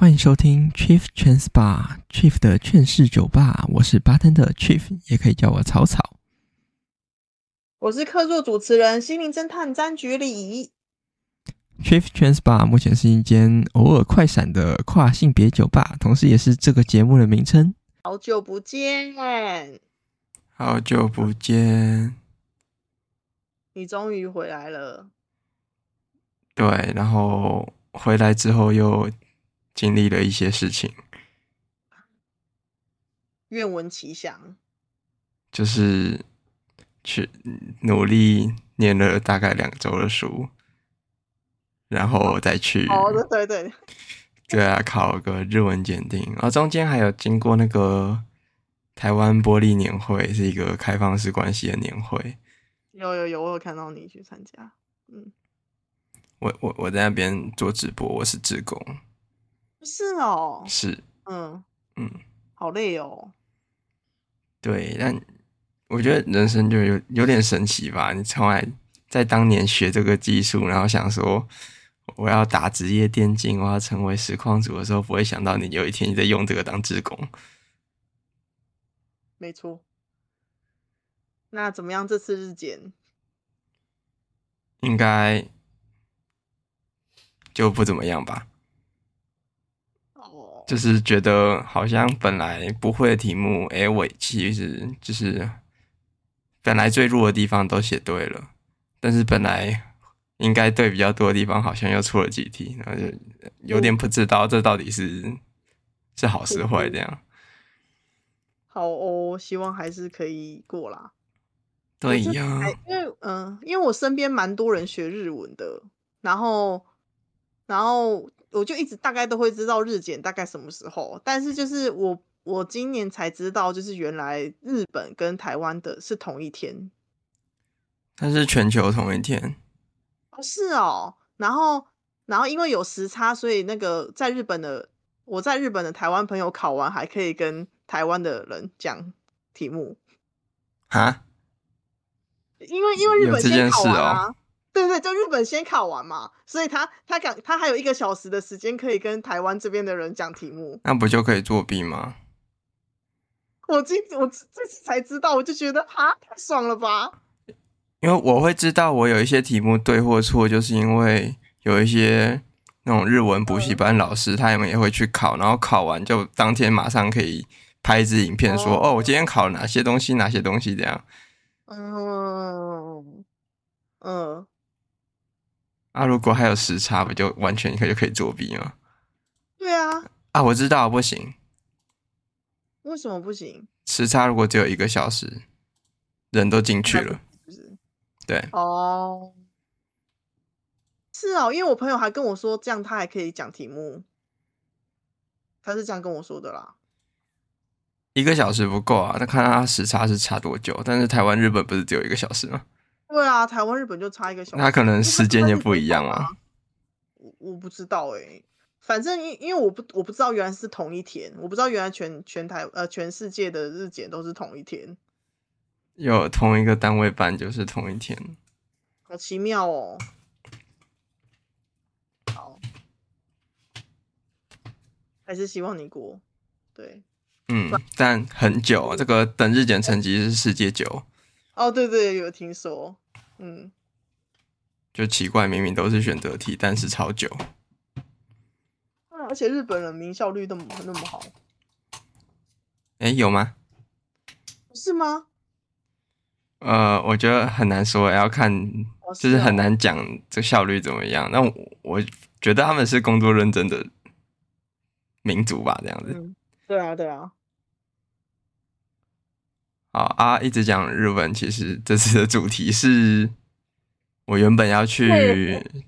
歡迎收聽 Chief Trans Bar，Chief 的勸世酒吧，我是 Bartender Chief，也可以叫我草草。我是客座主持人、心靈偵探張菊里。Chief Trans Bar 目前是一間偶爾快閃的跨性別酒吧，同時也是這個節目的名稱。好久不見，好久不見，你終於回來了。對，然後回來之後又。經歷了一些事情，願聞其詳。就是去努力念了大概兩週的書，然後再去。好，對對。對啊，考了個日文檢定，然後中間還有經過那個台灣玻璃年會，是一個開放式關係的年會。有有有，我有看到你去參加。嗯，我我我在那邊做直播，我是志工。不是哦，是，嗯嗯，好累哦。對，但我覺得人生就有有點神奇吧。你從來在當年學這個技術，然後想說我要打職業電競，我要成為實況主的時候，不會想到你有一天你在用這個當志工。沒錯。那怎麼樣這次日檢？應該就不怎麼樣吧。就是覺得好像本來不會的題目，哎、欸，我其實就是本來最弱的地方都寫對了，但是本來應該對比較多的地方好像又錯了幾題，嗯，然後就有點不知道這到底是，嗯、是好是壞這樣。好哦，希望還是可以過啦。對呀，因為嗯、呃，因為我身邊蠻多人學日文的，然後然後。我就一直大概都會知道日檢大概什麼時候，但是就是我我今年才知道，就是原來日本跟台灣的是同一天，但是全球同一天。哦，是哦，然後然後因為有時差，所以那個在日本的我在日本的台灣朋友考完還可以跟台灣的人講題目啊，因為因為日本先考完啊。有這件事哦。對,對對，就日本先考完嘛，所以他他講他還有一個小時的時間可以跟台灣這邊的人講題目，那不就可以作弊嗎？我今我這次才知道，我就覺得啊，太爽了吧！因為我會知道我有一些題目對或錯，就是因為有一些那種日文補習班老師，他們也會去考，oh. 然後考完就當天馬上可以拍一支影片說，oh. 哦，我今天考哪些東西，哪些東西這樣。嗯嗯。啊！如果還有時差，不就完全可以就可以作弊嗎？對啊！啊，我知道不行。為什麼不行？時差如果只有一個小時，人都進去了，不是？對哦，Oh. 是哦，因為我朋友還跟我說，這樣他還可以講題目，他是這樣跟我說的啦。一個小時不夠啊！那看他時差是差多久？但是台灣日本不是只有一個小時嗎？對啊，台灣、日本就差一個小時，那可能時間也不一樣啊。我我不知道誒、欸，反正因因為我不我不知道原來是同一天，我不知道原來全全台呃全世界的日檢都是同一天。有同一個單位辦就是同一天。好奇妙哦。好，還是希望你過。對。嗯，但很久，這個等日檢成績是世界久。哦，對對，有聽說，嗯，就奇怪，明明都是選擇題，但是超久。而且日本人民效率那麼那麼好，誒有嗎？不是嗎？呃，我覺得很難說，要看，就是很難講這效率怎麼樣。那、哦啊、我,我覺得他們是工作認真的民族吧，這樣子。嗯、對啊，對啊。啊！一直講日文，其實這次的主題是，我原本要去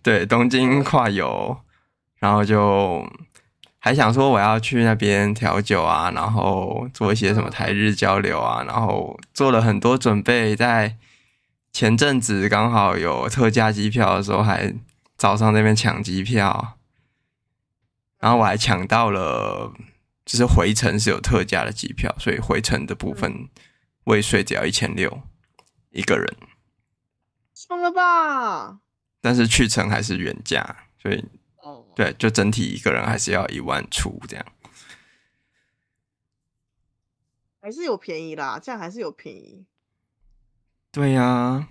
對東京跨遊，然後就還想說我要去那邊調酒啊，然後做一些什麼台日交流啊，然後做了很多準備，在前陣子剛好有特價機票的時候，還早上那邊搶機票，然後我還搶到了，就是回程是有特價的機票，所以回程的部分。未稅只要一千六，一個人，算了吧。但是去程還是原價，所以哦，對，就整體一個人還是要一萬出這樣，還是有便宜啦，這樣還是有便宜。對呀、啊，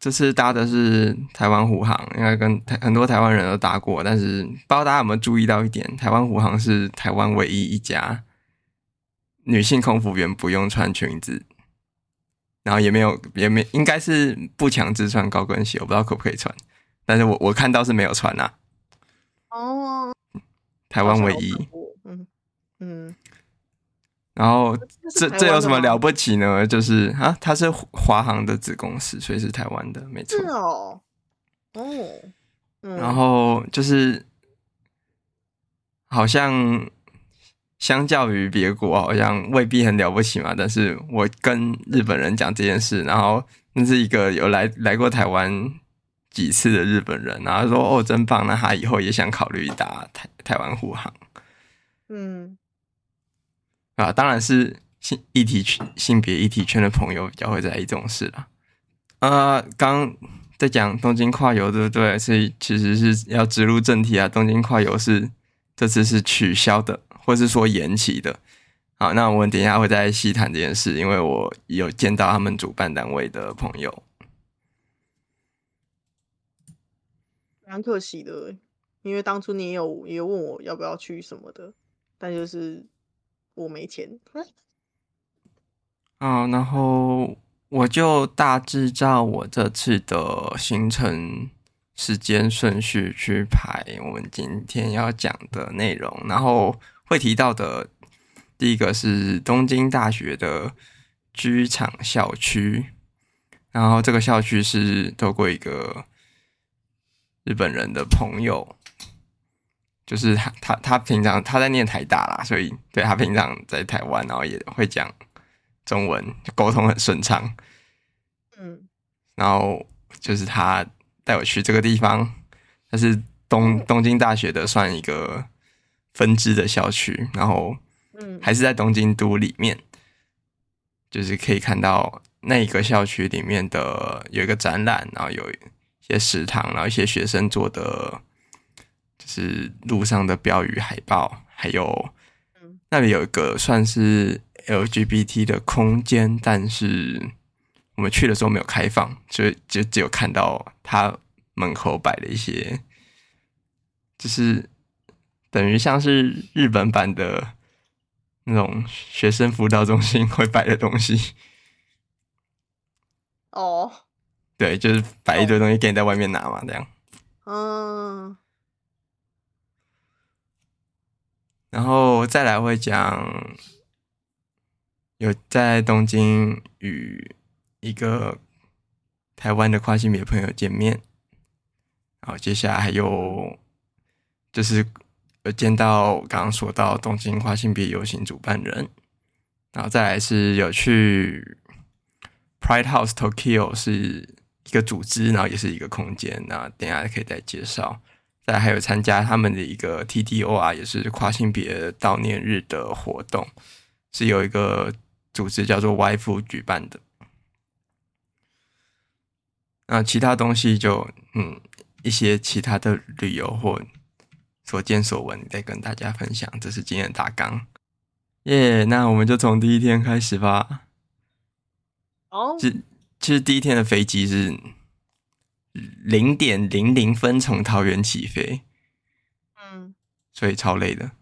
這次搭的是台灣虎航，應該跟台很多台灣人都搭過，但是不知道大家有沒有注意到一點，台灣虎航是台灣唯一一家女性空服員不用穿裙子。.然後也沒有，也沒應該是不強制穿高跟鞋，我不知道可不可以穿。但是我我看到是沒有穿啊。哦，台灣唯一，嗯嗯。然後這這，這有什麼了不起呢？就是啊，他是華航的子公司，所以是台灣的，沒錯。哦，哦、嗯。然後就是好像。相較於別國，好像未必很了不起嘛。但是我跟日本人講這件事，然後那是一個有來來過台灣幾次的日本人，然後說：“哦，真棒！那他以後也想考慮打台台灣護航。”嗯，啊，當然是性議題、性別議題圈的朋友比較會在意這種事啦。啊、呃，剛在講東京跨遊，對不對？所以其實是要直入正題啊。東京跨遊是這次是取消的。或是說延期的，好，那我們等一下會再細談這件事，因為我有見到他們主辦單位的朋友，蠻可惜的，因為當初你也有也有問我要不要去什麼的，但就是我沒錢，啊、 嗯，然後我就大致照我這次的行程時間順序去排我們今天要講的內容，然後，會提到的，第一個是東京大學的駒場校區，然後這個校區是透過一個日本人的朋友，就是他他他平常他在念台大啦，所以對他平常在台灣，然後也會講中文，溝通很順暢，嗯，然後就是他帶我去這個地方，他，就是東東京大學的，算一個。分支的校區，然後，嗯，還是在東京都裡面，嗯、就是可以看到那一個校區裡面的有一個展覽，然後有一些食堂，然後一些學生做的，就是路上的標語海報，還有，嗯，那裡有一個算是 LGBT 的空間，但是我們去的時候沒有開放，所以就只有看到他門口擺了一些，就是。等於像是日本版的那種學生輔導中心會擺的東西哦，對，就是擺一堆東西給你在外面拿嘛，這樣。嗯。然後再來我會講，有在東京與一個台灣的跨性別朋友見面，然後接下來還有就是。見到我剛剛說到東京跨性別遊行主辦人，然後再來是有去 Pride House Tokyo 是一個組織，然後也是一個空間，那等下可以再介紹。再來還有參加他們的一個 TDOR，也是跨性別悼念日的活動，是有一個組織叫做 wife 舉辦的。那其他東西就嗯一些其他的旅遊或。所見所聞，再跟大家分享，這是今天的大綱。耶、yeah，那我們就從第一天開始吧。哦，是，其實第一天的飛機是零點零零分從桃園起飛。嗯，所以超累的。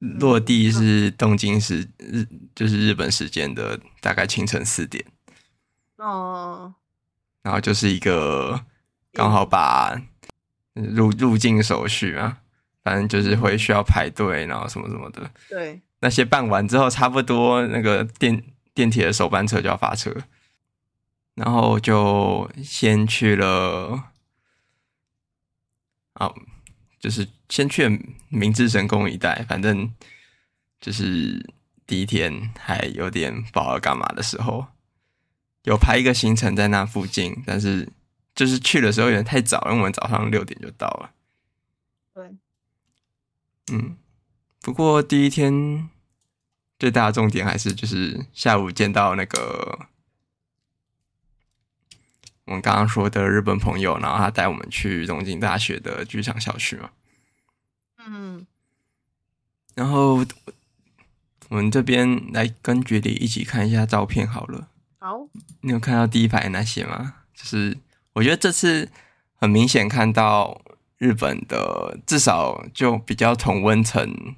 嗯、落地是東京時、嗯、日，就是日本時間的大概清晨四點。哦。然後就是一個剛好把。入入境手續啊，反正就是會需要排隊，然後什麼什麼的。對，那些辦完之後，差不多那個電電鐵的首班車就要發車，然後就先去了，啊、哦，就是先去了明治神宮一帶。反正就是第一天還有點不知道幹嘛的時候，有排一個行程在那附近，但是。就是去的時候有點太早，因為我們早上六點就到了。對，嗯，不過第一天最大的重點還是就是下午見到那個我們剛剛說的日本朋友，然後他帶我們去東京大學的駒場校區嘛。嗯，然後我們這邊來跟絕地一起看一下照片好了。好，你有看到第一排那些嗎？就是。我覺得這次很明顯看到日本的，至少就比較同溫層，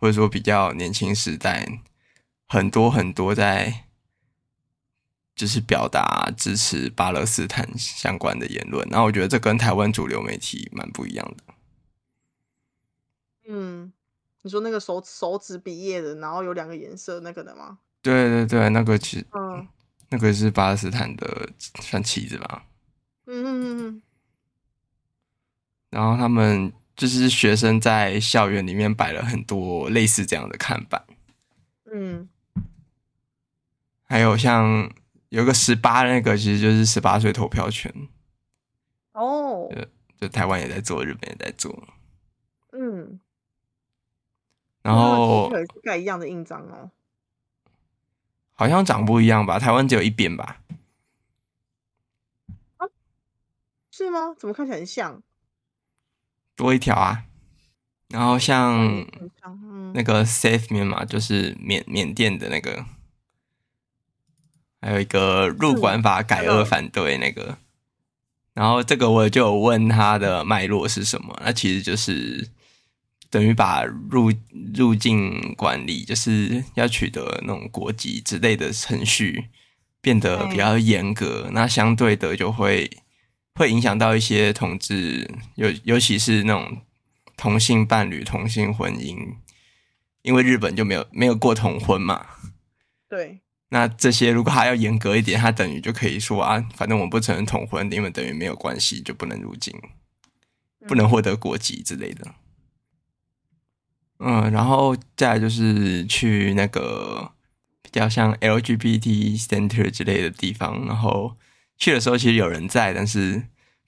或者說比較年輕時代，很多很多在就是表達支持巴勒斯坦相關的言論。然後我覺得這跟台灣主流媒體蠻不一樣的。嗯，你說那個手手指比耶的，然後有兩個顏色那個的嗎？對對對，那個其，嗯，那個是巴勒斯坦的算旗子嗎？嗯嗯嗯嗯，然後他們就是學生在校園裡面擺了很多類似這樣的看板，嗯，還有像有個十八那個，其實就是十八歲投票權，哦，對，就台灣也在做，日本也在做，嗯，然後蓋一樣的印章哦，好像長不一樣吧，台灣只有一邊吧。是嗎？怎麼看起來很像？多一條啊，然後像那個 Save 面嘛，就是緬緬甸的那個，還有一個入管法改惡反對那個，然後這個我就有問他的脈絡是什麼？那其實就是等於把入入境管理就是要取得那種國籍之類的程序變得比較嚴格，欸，那相對的就會。會影響到一些同志，尤尤其是那種同性伴侶、同性婚姻，因為日本就沒有沒有過同婚嘛。對。那這些如果還要嚴格一點，他等於就可以說啊，反正我不承認同婚，因為等於沒有關係，就不能入境、嗯，不能獲得國籍之類的。嗯，然後再來就是去那個比較像 LGBT Center 之類的地方，然後。去的時候其實有人在，但是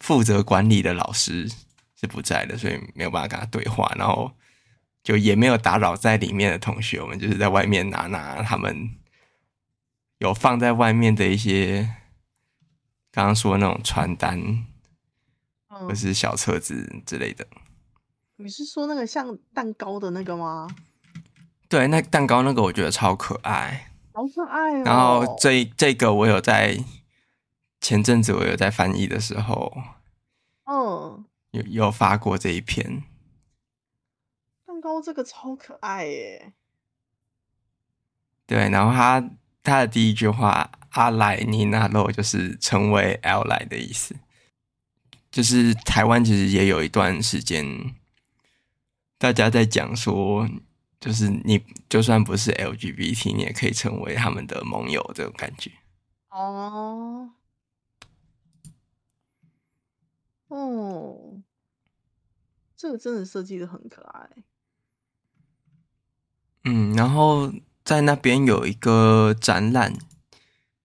負責管理的老師是不在的，所以沒有辦法跟他對話。然後就也沒有打擾在裡面的同學，我們就是在外面拿拿他們有放在外面的一些剛剛說的那種傳單，或是小冊子之類的。嗯。你是說那個像蛋糕的那個嗎？對，那蛋糕那個我覺得超可愛，好可愛哦。然後這這個我有在。前陣子我有在翻譯的時候，嗯，有有發過這一篇。蛋糕這個超可愛耶！對，然後他他的第一句話“阿萊尼納洛”就是成為 ally 的意思，就是台灣其實也有一段時間，大家在講說，就是你就算不是 LGBT，你也可以成為他們的盟友，這種感覺哦。哦、嗯，這個真的設計的很可愛。嗯，然後在那邊有一個展覽，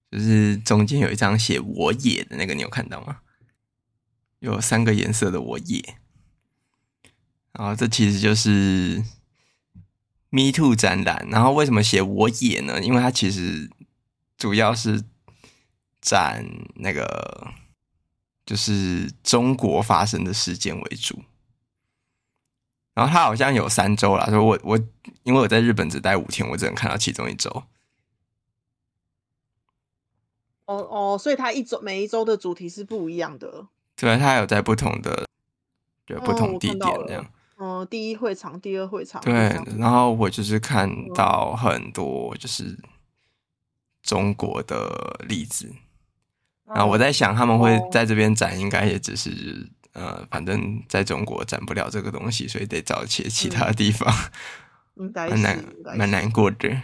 就是中間有一張寫“我也”的那個，你有看到嗎？有三個顏色的“我也”。後這其實就是 “Me Too” 展覽。然後為什麼寫“我也”呢？因為它其實主要是展那個。就是中國發生的事件為主，然後他好像有三周了。所以我我因為我在日本只待五天，我只能看到其中一周。哦哦，所以他一周每一周的主題是不一樣的。對，他有在不同的就不同地點這樣。嗯，嗯，第一會場，第二會場。對，然後我就是看到很多就是中國的例子。啊，我在想他們會在這邊展，應該也只是、哦，呃，反正在中國展不了這個東西，所以得找一些其他地方，嗯，蠻難，應該是蠻難過的。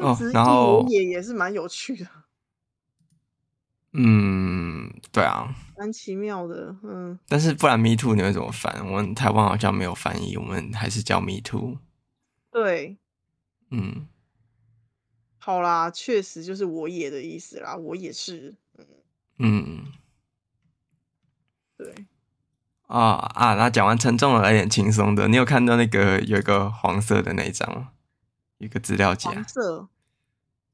哦，然後也是蠻有趣的。嗯，對啊，蠻奇妙的，嗯。但是不然，me too 你會怎麼翻？我們台灣好像沒有翻譯，我們還是叫 me too。對，嗯。好啦，確實就是我也的意思啦，我也是，嗯，嗯，對，啊、哦、啊，那講完沉重了，來點輕鬆的，你有看到那個有一個黃色的那一張，有一個資料夾，黃色，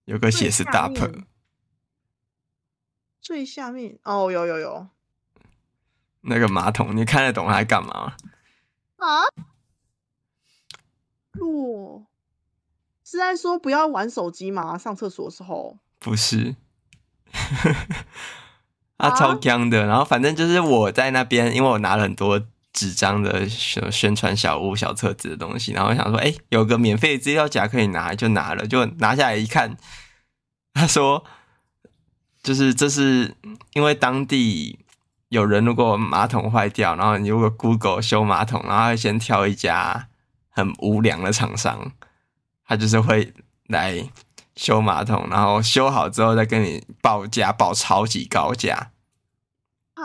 有個寫是大盆，最下面，最下面哦，有有有，那個馬桶，你看得懂它在幹嘛？啊，落。是在說不要玩手機嘛？上廁所的時候。不是。 啊，超僵的。然後反正就是我在那邊，因為我拿了很多紙張的宣宣傳小物、小冊子的東西。然後我想說，哎、欸，有個免費資料夾可以拿，就拿了，就拿下來一看，他說，就是這是因為當地有人如果馬桶壞掉，然後你如果 Google 修馬桶，然後會先挑一家很無良的廠商。他就是會來修馬桶，然後修好之後再跟你報價，報超級高價啊！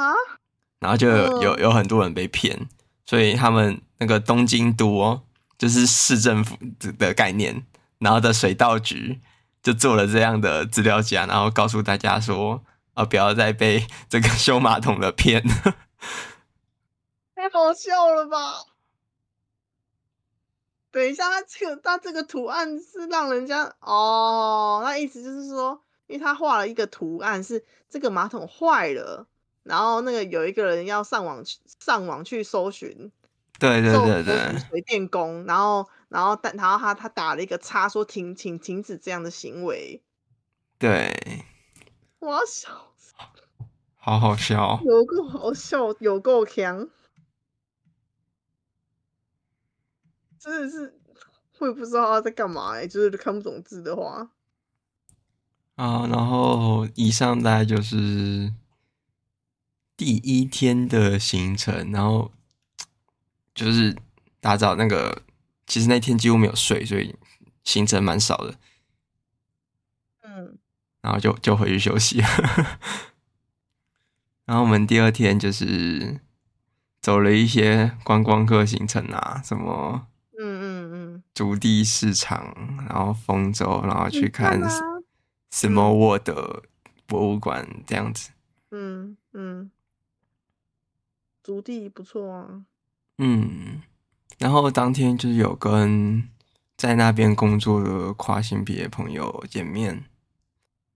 然後就有、呃、有很多人被騙，所以他們那個東京都哦，就是市政府的概念，然後的水道局就做了這樣的資料夾，然後告訴大家說：啊，不要再被這個修馬桶的騙！ 太好笑了吧！等一下，他這個他這個圖案是讓人家哦，那意思就是說，因為他畫了一個圖案是，是這個馬桶壞了，然後那個有一個人要上網上網去搜尋，對對對對，水、水電工，然後然後但然後他他、他打了一個叉，說停停停止這樣的行為，對，我要笑死，好好笑，有夠好笑，有夠強。真的是，是會不知道他在幹嘛呀、欸、就是看不懂字的話啊。然後以上大概就是第一天的行程，然後就是打掃那個，其實那天幾乎沒有睡，所以行程蠻少的。嗯，然後就就回去休息了 然後我們第二天就是走了一些觀光客行程啊，什麼。築地市場，然後豐州，然後去看 Small World 博物館這樣子。嗯嗯，築地不錯啊。嗯，然後當天就是有跟在那邊工作的跨性別朋友見面，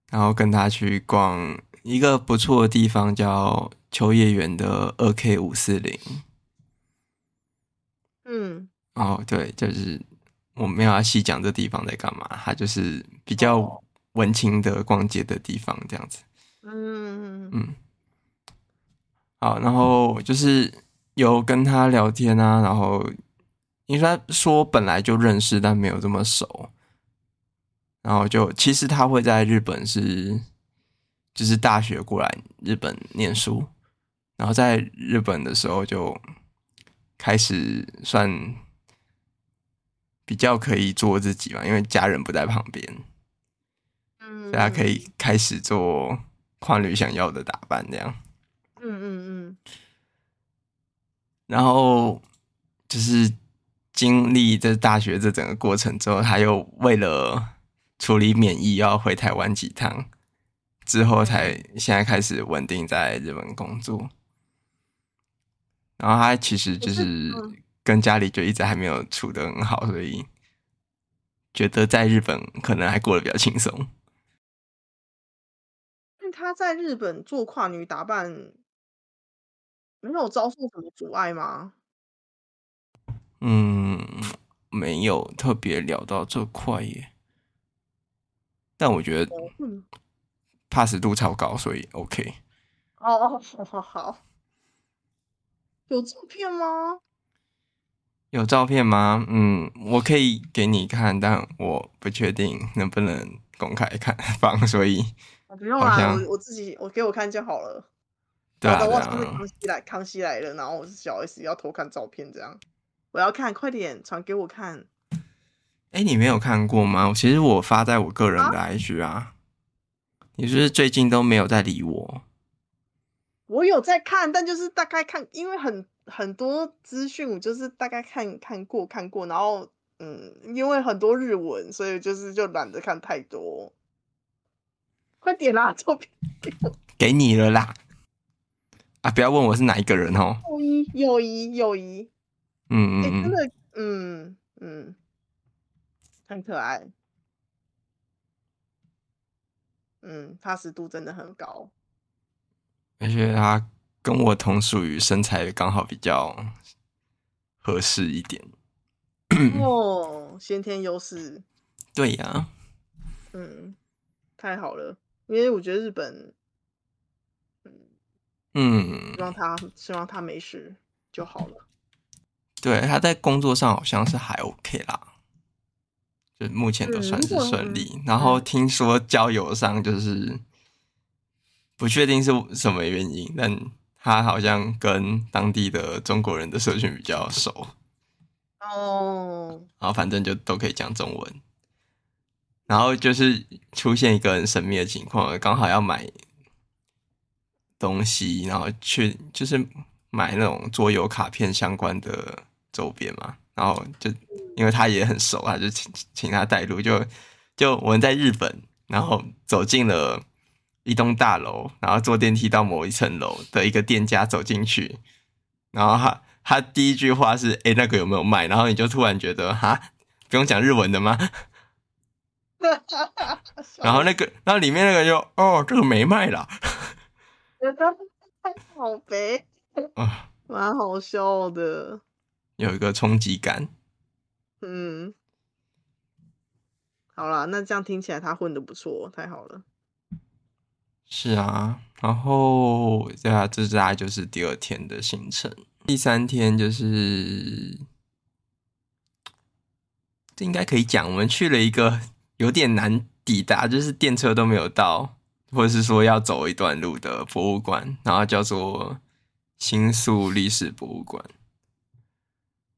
然後跟他去逛一個不錯的地方，叫秋葉原的 2K540。嗯，哦對，就是。我沒有要細講這地方在幹嘛，他就是比較文青的逛街的地方這樣子。嗯嗯。好，然後就是有跟他聊天啊，然後因為他說本來就認識，但沒有這麼熟。然後就其實他會在日本是，就是大學過來日本念書，然後在日本的時候就開始算。比較可以做自己嘛，因為家人不在旁邊，嗯，大家可以開始做跨女想要的打扮這樣，嗯嗯嗯，然後就是經歷這大學這整個過程之後，他又為了處理免役要回台灣幾趟，之後才現在開始穩定在日本工作，然後他其實就是。跟家裡就一直還沒有處得很好，所以覺得在日本可能還過得比較輕鬆。那他在日本做跨女打扮，沒有遭受什麼阻礙嗎？嗯，沒有特別聊到這塊耶。但我覺得嗯、pass 度超高，所以 OK。哦，好好好，有照片嗎？有照片嗎？嗯，我可以給你看，但我不確定能不能公開看放，所以不用啊，我，我自己我給我看就好了。對啊，啊我是康熙來康熙來了，然後我是小 S 要偷看照片這樣，我要看，快點傳給我看。哎、欸，你沒有看過嗎？其實我發在我個人的 IG 啊，啊你就是最近都沒有在理我？我有在看，但就是大概看，因為很。很多資訊我就是大概看看，看過看過，然後嗯，因為很多日文，所以就是就懶得看太多。快點啦，照片給你了啦！ 啊，不要問我是哪一個人哦。友誼，友誼，友誼。嗯嗯、欸、嗯，真的，嗯嗯，很可愛。嗯，踏實度真的很高，而且他。跟我同屬於身材剛好比較合適一點， 哦，先天優勢。對呀、啊，嗯，太好了，因為我覺得日本，嗯，希望他希望他沒事就好了。對，他在工作上好像是還 OK 啦，就目前都算是順利。嗯嗯、然後聽說交友上就是不確定是什麼原因，嗯、但。他好像跟當地的中國人的社群比較熟，哦，然後反正就都可以講中文，然後就是出現一個很神秘的情況，剛好要買東西，然後去就是買那種桌遊卡片相關的周邊嘛，然後就因為他也很熟啊，就請請他帶路，就就我們在日本，然後走進了。一棟大樓，然後坐電梯到某一層樓的一個店家走進去，然後他他第一句話是：“哎、欸，那個有沒有賣？”然後你就突然覺得：“哈，不用講日文的嗎？” 然後那個，然後裡面那個就：“哦，這個沒賣啦。”覺得太好白啊，蠻好笑的，有一個衝擊感。嗯，好啦，那這樣聽起來他混得不錯，太好了。是啊，然後對啊，這大概就是第二天的行程。第三天就是，這應該可以講，我們去了一個有點難抵達，就是電車都沒有到，或者是說要走一段路的博物館，然後叫做新宿歷史博物館。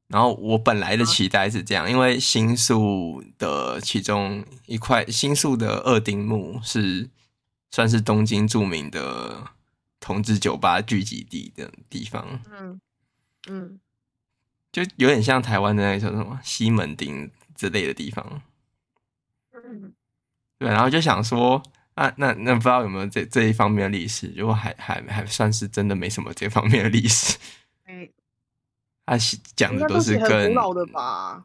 然後我本來的期待是這樣，因為新宿的其中一塊，新宿的二丁目是。算是東京著名的同志酒吧聚集地的地方，嗯嗯，就有點像台灣的那種什麼西門町之類的地方，嗯，對。然後就想說，啊，那那不知道有沒有這這一方面的歷史？如果還還還算是真的沒什麼這方面的歷史。他講的都是更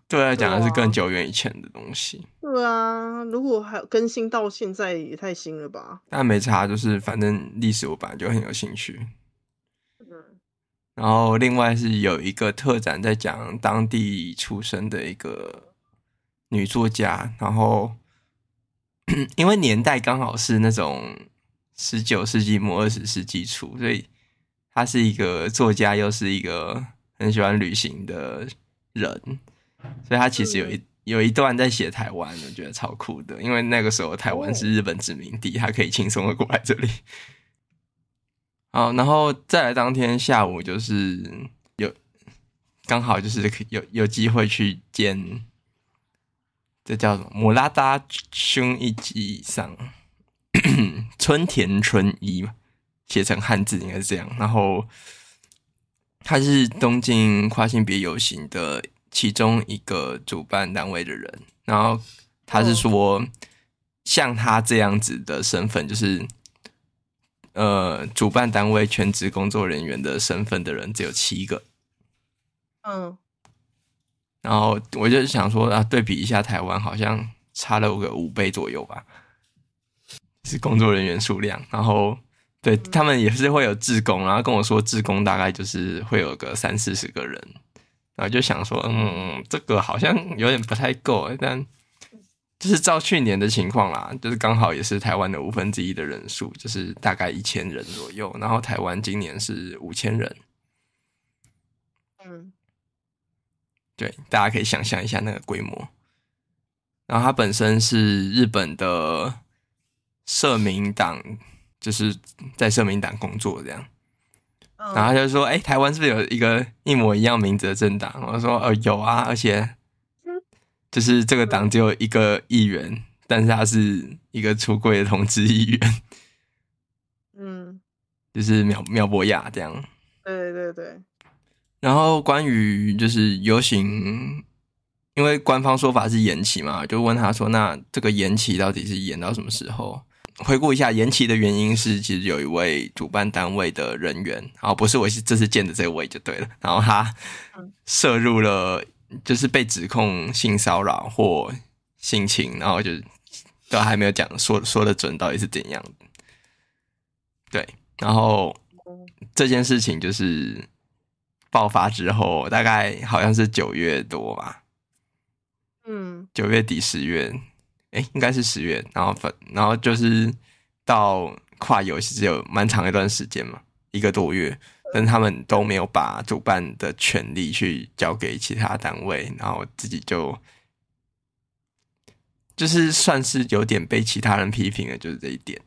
對啊，講的是更久遠以前的東西。對啊，如果還有更新到現在也太新了吧？但沒差，就是反正歷史我本來就很有興趣。嗯。然後另外是有一個特展，在講當地出生的一個女作家，然後 因為年代剛好是那種十九世紀末二十世紀初，所以她是一個作家，又是一個。很喜歡旅行的人，所以他其實有一有一段在寫台灣，我覺得超酷的，因為那個時候台灣是日本殖民地，他可以輕鬆的過來這裡。好，然後再來，當天下午就是有剛好就是有有機會去見，這叫什麼？摩拉達兄一級以上，春田春一，寫成漢字應該是這樣。然後。他是東京跨性別遊行的其中一個主辦單位的人，然後他是說，像他這樣子的身份，就是呃，主辦單位全職工作人員的身份的人只有七個，嗯，然後我就想說啊，對比一下台灣，好像差了個五倍左右吧，是工作人員數量，然後。對，他們也是會有志工，然後跟我說，志工大概就是會有個三四十個人，然後就想說，嗯，這個好像有點不太夠，但就是照去年的情況啦，就是剛好也是台灣的五分之一的人數，就是大概一千人左右，然後台灣今年是五千人，嗯，對，大家可以想象一下那個規模，然後他本身是日本的社民黨。就是在社民黨工作這樣，oh. 然後就說：“哎、欸，台灣是不是有一個一模一樣名字的政黨？”我說：“呃，有啊，而且就是這個黨只有一個議員，但是他是一個出櫃的同志議員。”嗯，就是苗苗博雅這樣。對對對對。然後關於就是遊行，因為官方說法是延期嘛，就問他說：“那這個延期到底是延到什麼時候？”回顧一下，延期的原因是其實有一位主辦單位的人員，啊，不是我，是這次見的這位就對了。然後他涉入了，就是被指控性騷擾或性侵，然後就都還沒有講說說得準到底是怎樣的。對，然後這件事情就是爆發之後，大概好像是九月多吧，嗯，九月底十月。欸、應該是十月，然後分，然後就是到跨遊是有蠻長一段時間嘛，一個多月，但他們都沒有把主辦的權利去交給其他單位，然後自己就就是算是有點被其他人批評的，就是這一點。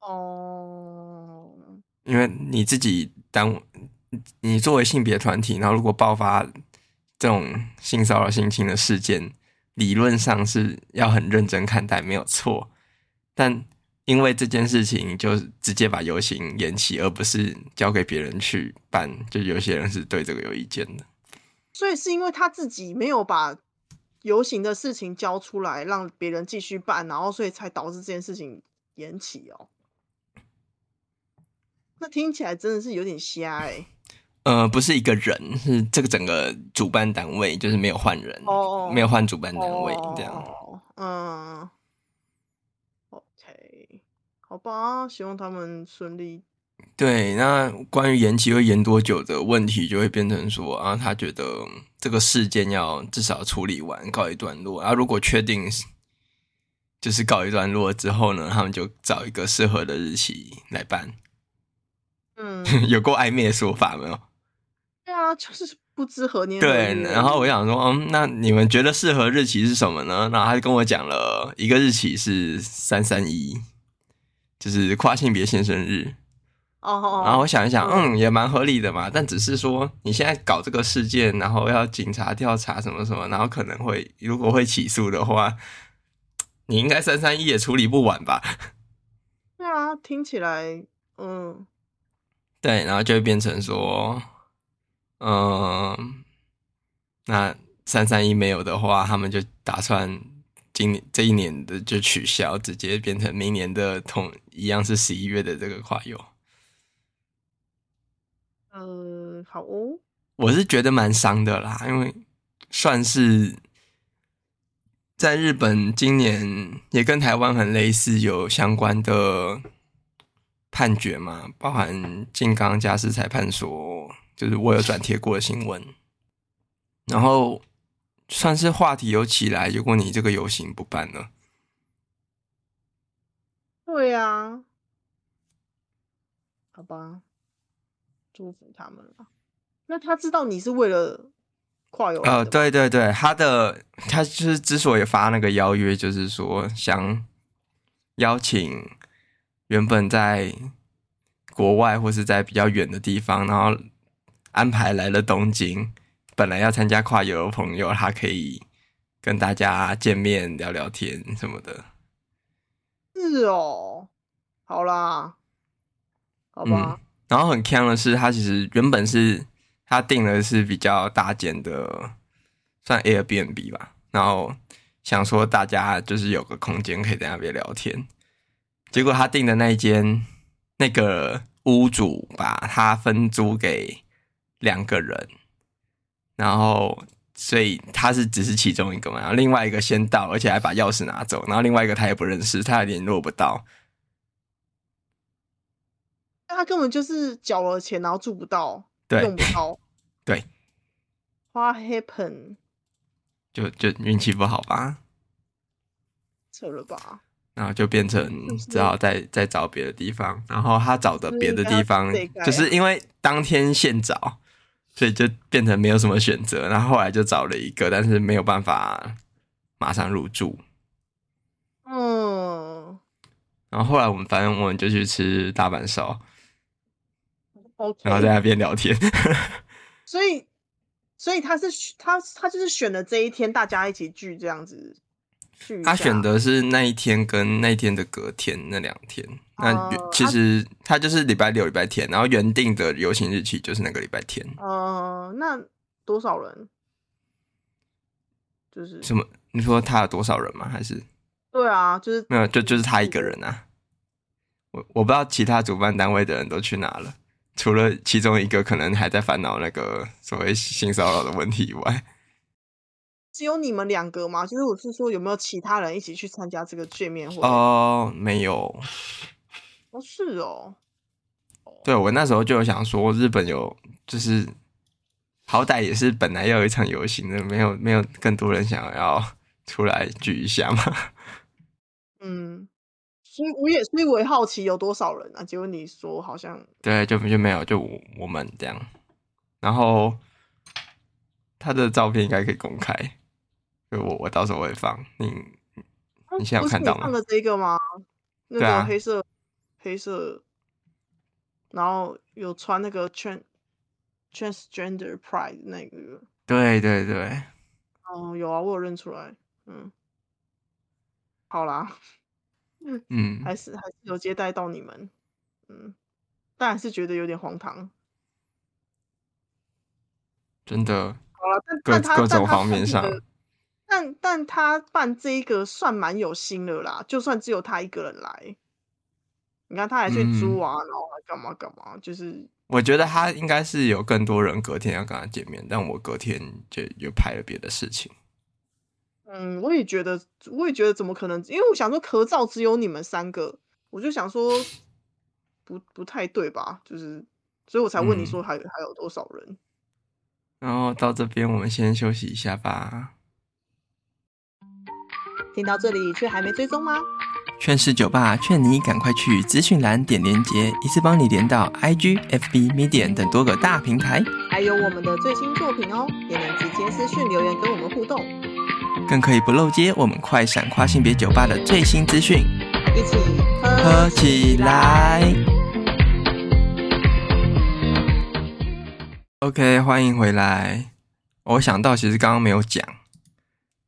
哦，因為你自己單，你作為性別團體，然後如果爆發這種性騷擾、性侵的事件。理論上是要很認真看待，沒有錯。但因為這件事情就直接把遊行延期，而不是交給別人去辦，就有些人是對這個有意見的。所以是因為他自己沒有把遊行的事情交出來，讓別人繼續辦，然後所以才導致這件事情延期哦。那聽起來真的是有點瞎欸。呃，不是一個人，是這個整個主辦單位，就是沒有換人，oh, 沒有換主辦單位、oh, 這樣。嗯、uh,，OK，好吧，希望他們順利。對，那關於延期會延多久的問題，就會變成說啊，他覺得這個事件要至少處理完，告一段落。然後，啊，如果確定就是告一段落之後呢，他們就找一個適合的日期來辦。嗯， 有夠曖昧的說法沒有？就是不知何年對，然後我想說，嗯，那你們覺得適合日期是什麼呢？然後他就跟我講了一個日期是三三一，就是跨性別現身日。哦、oh,，然後我想一想嗯，嗯，也蠻合理的嘛。但只是說你現在搞這個事件，然後要警察調查什麼什麼，然後可能會如果會起訴的話，你應該三三一也處理不完吧？對啊，聽起來，嗯，對，然後就會變成說。嗯，那三三一沒有的話，他們就打算今年這一年的就取消，直接變成明年的同一樣是十一月的這個跨遊。呃、嗯，好哦，我是覺得蠻傷的啦，因為算是在日本今年也跟台灣很類似，有相關的判決嘛，包含靜岡家事裁判所，就是我有轉貼過的新聞， 然後算是話題有起來。如果你這個遊行不辦了，對呀，啊，好吧，祝福他們了。那他知道你是為了跨遊？呃，對對對，他的他就是之所以發那個邀約，就是說想邀請原本在國外或是在比較遠的地方，然後。安排來了東京，本來要參加跨遊的朋友，他可以跟大家見面聊聊天什麼的。是哦，好啦，好吧。嗯，然後很鏘的是，他其實原本是他訂的是比較大間的，算 Airbnb 吧。然後想說大家就是有個空間可以在那邊聊天。結果他訂的那一間，那個屋主把他分租給。兩個人，然後所以他是只是其中一個嘛，然後另外一個先到，而且還把鑰匙拿走，然後另外一個他也不認識，他也聯絡不到，那他根本就是繳了錢，然後住不到，對，用不到，對。What happened？就就運氣不好吧？扯了吧？然後就變成只好再再找別的地方，然後他找的別的地方，就是、就是、因為當天現找。所以就變成沒有什麼選擇，然後後來就找了一個，但是沒有辦法馬上入住。嗯，然後後來我們反正我們就去吃大阪燒，okay. 然後在那邊聊天。 所以，所以他是他他就是選了這一天大家一起聚這樣子。他選的是那一天跟那一天的隔天那兩天，呃，那其實他就是禮拜六、禮拜天，呃，然後原定的遊行日期就是那個禮拜天。哦，呃，那多少人？就是什麼？你說他有多少人嗎？還是？對啊，就是沒有，就就是他一個人啊。我我不知道其他主辦單位的人都去哪了，除了其中一個可能還在煩惱那個所謂性騷擾的問題以外。只有你們兩個嗎？就是我是說，有沒有其他人一起去參加這個見面會？哦，沒有。不、哦、是哦。對，我那時候就有想說，日本有，就是好歹也是本來要有一場遊行的，沒有沒有更多人想要出來聚一下嘛。嗯，所以我也雖為好奇，有多少人啊？結果你說好像對，就就沒有，就我們這樣。然後他的照片應該可以公開。就我，我到時候會放你。你現在看到嗎？不是你放的這個嗎？那個黑色，啊、黑色，然後有穿那個 tran, transgender pride 那個。對對對。哦，有啊，我有認出來。嗯，好啦， 嗯，還是還是有接待到你們。嗯，但還是覺得有點荒唐，真的。嗯、好了，各各種方面上。但但他辦這一個算蠻有心的啦，就算只有他一個人來，你看他還去租啊，嗯、然後還幹嘛幹嘛，就是我覺得他應該是有更多人隔天要跟他見面，但我隔天就又排了別的事情。嗯，我也覺得，我也覺得怎麼可能？因為我想說，合照只有你們三個，我就想說不不太對吧？就是，所以我才問你說還、嗯、還有多少人？然後到這邊，我們先休息一下吧。聽到這裡卻還沒追蹤嗎？勸是酒吧，勸你趕快去資訊欄點連結，一次幫你連到 IG、FB、Medium 等多個大平台，還有我們的最新作品哦，也能直接私訊留言跟我們互動，更可以不漏接我們快閃跨性別酒吧的最新資訊，一起喝起,喝起來。OK，歡迎回來。我想到其實剛剛沒有講，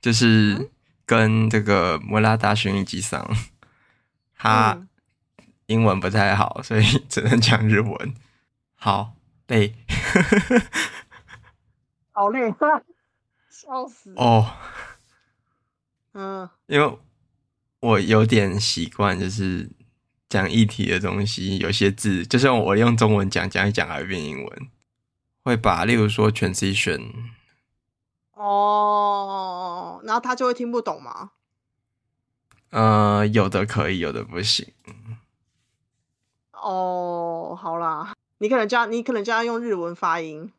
就是。嗯跟這個莫拉大學一機上，他英文不太好，所以只能講日文。好，對， 好累，笑死。哦、oh，嗯，因為我有點習慣，就是講議題的東西，有些字，就像我用中文講講一講，還變英文，會把，例如說 transition。哦，然後他就會聽不懂嗎？呃，有的可以，有的不行。哦，好啦，你可能這樣，你可能這樣用日文發音。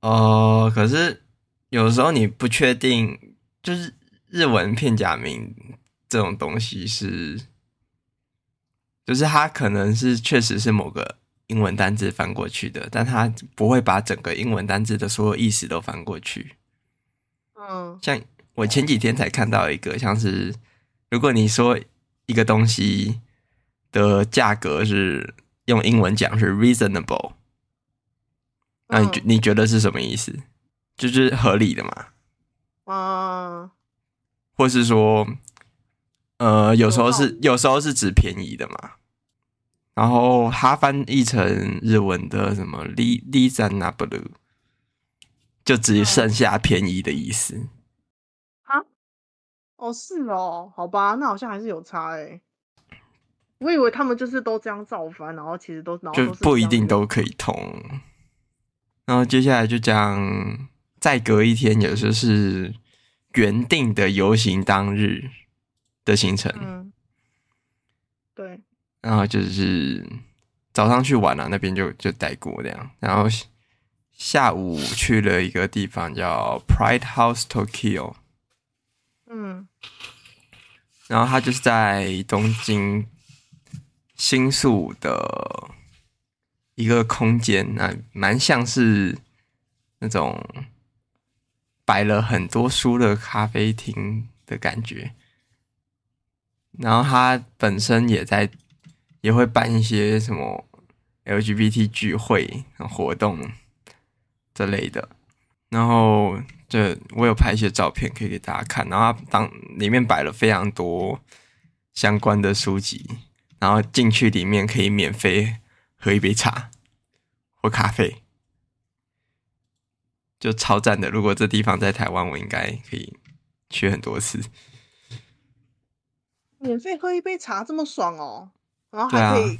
哦，可是有時候你不確定，就是日文片假名這種東西是，就是它可能是確實是某個。英文單字翻過去的，但他不會把整個英文單字的所有意思都翻過去。嗯，像我前幾天才看到一個，像是如果你說一個東西的價格是用英文講是 reasonable，嗯、那你你覺得是什麼意思？就是合理的嘛？啊、嗯，或是說，呃，有時候是有時候是指便宜的嘛？然後它翻譯成日文的什麼“リーズナブル”，就只剩下便宜的意思。啊？哦，是哦，好吧，那好像還是有差哎。我以為他們就是都這樣造反，然後其實都就不一定都可以通。然後接下來就講，再隔一天，也就是原定的遊行當日的行程。嗯，對。然後就是早上去玩了、啊，那邊就就待過這樣。然後下午去了一個地方叫 Pride House Tokyo，嗯，然後它就是在東京新宿的一個空間，那蠻像是那種擺了很多書的咖啡廳的感覺。然後它本身也在。也會辦一些什麼 LGBT 聚會、活動之類的，然後這我有拍一些照片可以給大家看。然後當裡面擺了非常多相關的書籍，然後進去裡面可以免費喝一杯茶或咖啡，就超讚的。如果這地方在台灣，我應該可以去很多次。免費喝一杯茶這麼爽哦！然後還可以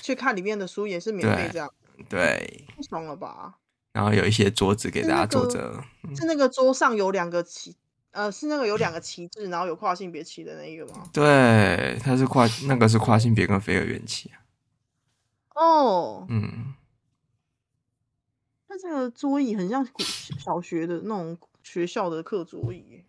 去看裡面的書，也是免費這樣，對。對，太爽了吧！然後有一些桌子給大家坐着是、那個，是那個桌上有兩個旗，呃，是那個有兩個旗幟，然後有跨性別旗的那一個嗎？對，它是跨，那個是跨性別跟非二元旗哦、啊，Oh, 嗯，它這個桌椅很像小學的那種學校的課桌椅。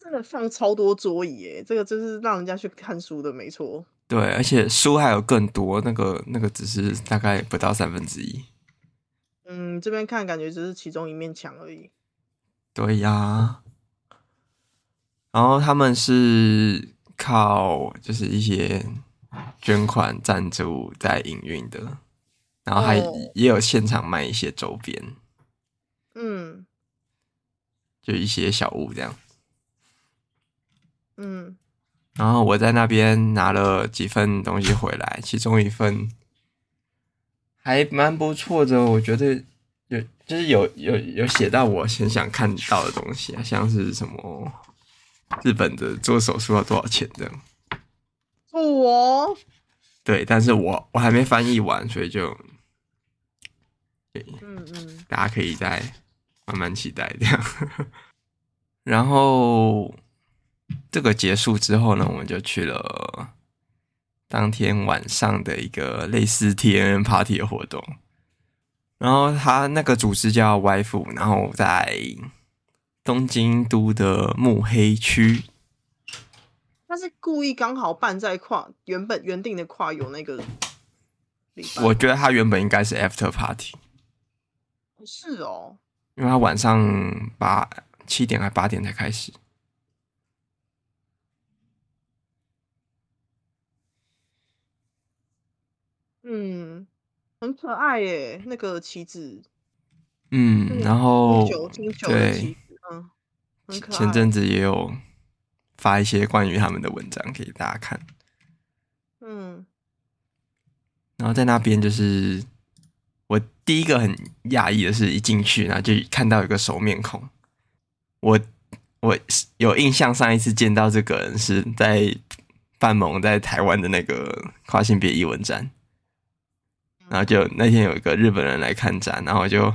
這個放超多桌椅誒，這個就是讓人家去看書的，沒錯。對，而且書還有更多，那個那個只是大概不到三分之一。嗯，這邊看感覺只是其中一面牆而已。對呀、啊。然後他們是靠就是一些捐款贊助在營運的，然後還、哦、也有現場賣一些周邊。嗯。就一些小物這樣。嗯，然後我在那邊拿了幾份東西回來，其中一份還蠻不錯的，我覺得有就是有有有寫到我很想看到的東西啊，像是什麼日本的做手術要多少錢這樣。哦，對，但是我我還沒翻譯完，所以就對，嗯嗯，大家可以再慢慢期待這樣。 然後，這個結束之後呢，我們就去了當天晚上的一個類似 T N N party 的活動，然後他那個組織叫 Y F，然後在東京都的目黑區。他是故意剛好辦在跨，原本原定的跨有，那個我覺得他原本應該是 After Party。是哦，因為他晚上八七點還八點才開始。嗯，很可愛耶，那個旗子。嗯，然後對，嗯，前陣子也有發一些關於他們的文章給大家看。嗯，然後在那邊就是我第一個很訝異的是一，一進去然後就看到一個熟面孔。我我有印象，上一次見到這個人是在伴盟在台灣的那個跨性別藝文展。然後就那天有一個日本人來看展，然後就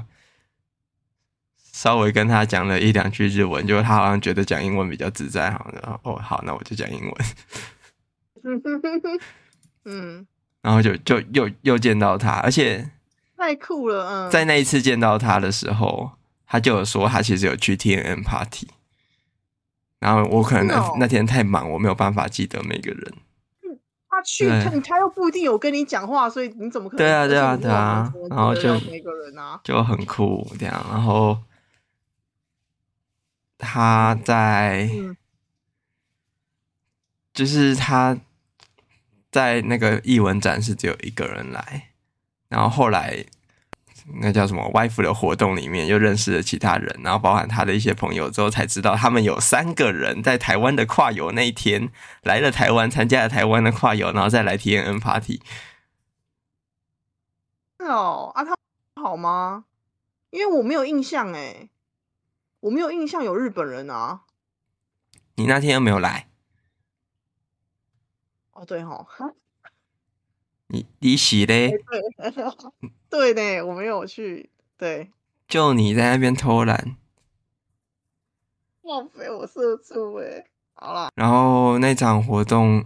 稍微跟他講了一兩句日文，就他好像覺得講英文比較自在，好像哦，好，那我就講英文。嗯，嗯，然後就就又又見到他，而且太酷了，嗯。在那一次見到他的時候，他就有說他其實有去 TNN party，然後我可能、no. 呃、那天太忙，我沒有辦法記得每個人。去，你他，他又不一定有跟你講話，所以你怎麼可能麼、啊？對啊，對啊，對啊，然後就一個人啊，就很酷這樣。然後他在、嗯，就是他在那個藝文展示只有一個人來，然後後來。那叫什麼外服的活動裡面，又認識了其他人，然後包含他的一些朋友之後，才知道他們有三個人在台灣的跨游那一天來了台灣，參加了台灣的跨游，然後再來 T N N party。哦、啊，阿康好嗎？因為我沒有印象誒，我沒有印象有日本人啊。你那天有沒有來？哦、oh，對哦。Huh? 你你洗嘞？對咧，我沒有去。對，就你在那邊偷懶。浪費我社畜哎？好了，然後那場活動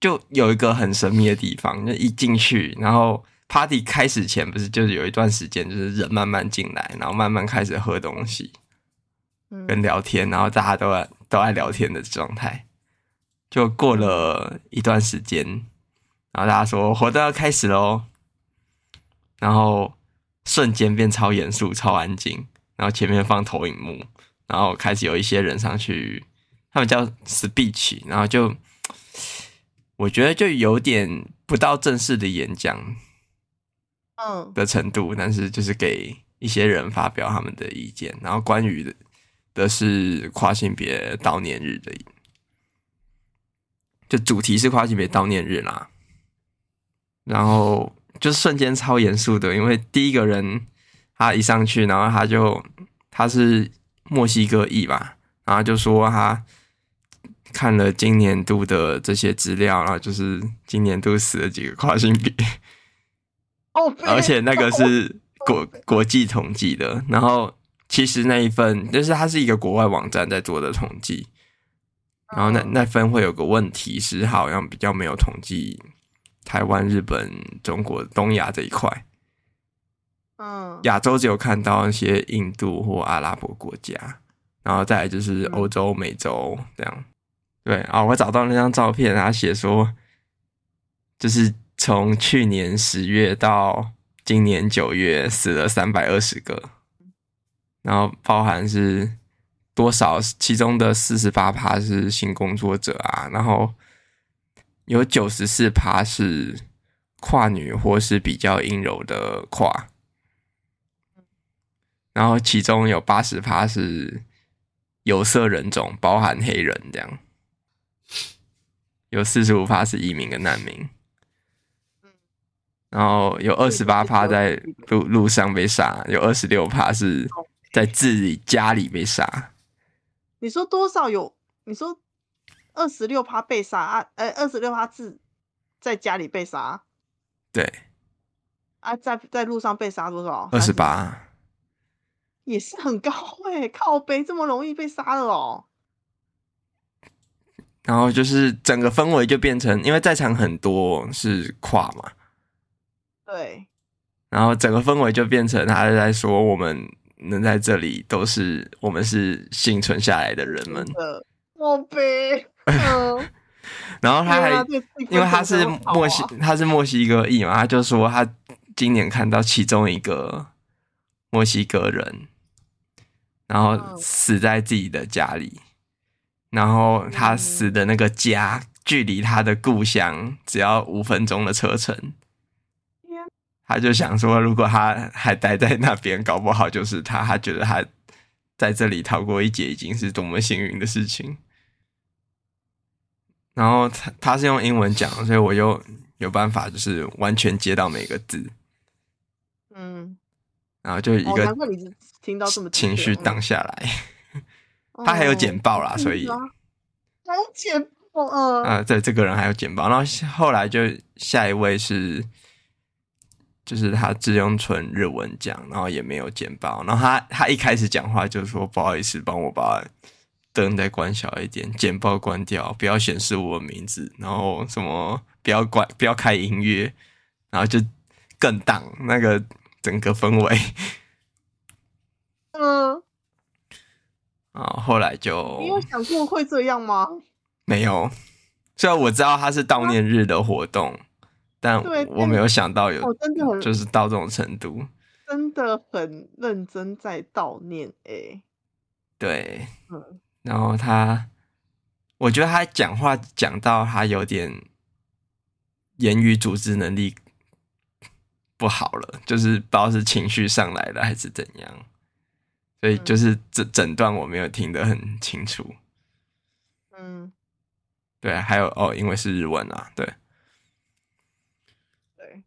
就有一個很神秘的地方， 就一進去，然後 party 開始前不是就是有一段時間，就是人慢慢進來，然後慢慢開始喝東西，跟聊天、嗯，然後大家都在都愛聊天的狀態，就過了一段時間。然後大家說活動要開始嘍，然後瞬間變超嚴肅，超安靜。然後前面放投影幕，然後開始有一些人上去，他們叫 speech，然後就我覺得就有點不到正式的演講的程度，但是就是給一些人發表他們的意見。然後關於的是跨性別悼念日的，就主題是跨性別悼念日啦。然後就瞬間超嚴肅的，因為第一個人他一上去，然後他就他是墨西哥裔吧，然後就說他看了今年度的這些資料，然後就是今年度死了幾個跨性別，哦、oh，而且那個是國、oh, 國，國際統計的，然後其實那一份就是它是一個國外網站在做的統計，然後那、oh. 那份會有個問題是好像比較沒有統計。台灣、日本、中國、東亞這一塊，嗯，亞洲只有看到一些印度或阿拉伯國家，然後再來就是歐洲、美洲這樣。對啊、哦，我找到那張照片，它寫說，就是從去年十月到今年九月死了三百二十個，然後包含是多少？其中的四十八趴是性工作者啊，然後。有九十四趴是跨女或是比較陰柔的跨。然後其中有八十趴是有色人種，包含黑人，這樣有四十五趴是移民跟難民，然後有二十八趴在路路上被殺，有二十六趴是在自己家裡被殺。你說多少有？你說？二十六趴被殺啊！呃、欸，二十六趴是在家裡被殺，對，啊，在在路上被殺多少？二十八，也是很高哎、欸，靠北這麼容易被殺了哦、喔。然後就是整個氛圍就變成，因為在場很多是跨嘛，對，然後整個氛圍就變成他在說，我們能在這裡都是我們是幸存下來的人們，我悲。靠 然後他還因為他是墨西，他是墨西哥裔嘛，他就說他今年看到其中一個墨西哥人，然後死在自己的家裡，然後他死的那個家距離他的故鄉只要五分鐘的車程，他就想說，如果他還待在那邊，搞不好就是他。他覺得他在這裡逃過一劫已經是多麼幸運的事情。然後他，他是用英文講，所以我又有辦法，就是完全接到每個字，嗯，然後就一個、嗯哦、你一聽到這麼情緒盪下來，哦、 他還有簡報啦，啊、所以有簡報啊，啊、呃、啊，對，這個人還有簡報。然後後來就下一位是，就是他只用純日文講，然後也沒有簡報。然後他他一開始講話就說不好意思，幫我把。燈再關小一點，簡報關掉，不要顯示我名字，然後什麼不要管，不要開音樂，然後就更擋那個整個氛圍。嗯，啊、哦，後來就你有想過會這樣嗎？沒有，雖然我知道它是悼念日的活動，啊、但我，我沒有想到有，哦、的就是到這種程度，真的很認真在悼念，哎、欸，對，嗯然後他，我覺得他講話講到他有點言語組織能力不好了，就是不知道是情緒上來了還是怎樣，所以就是這整段我沒有聽得很清楚。嗯，對，還有哦，因為是日文啊，對，對，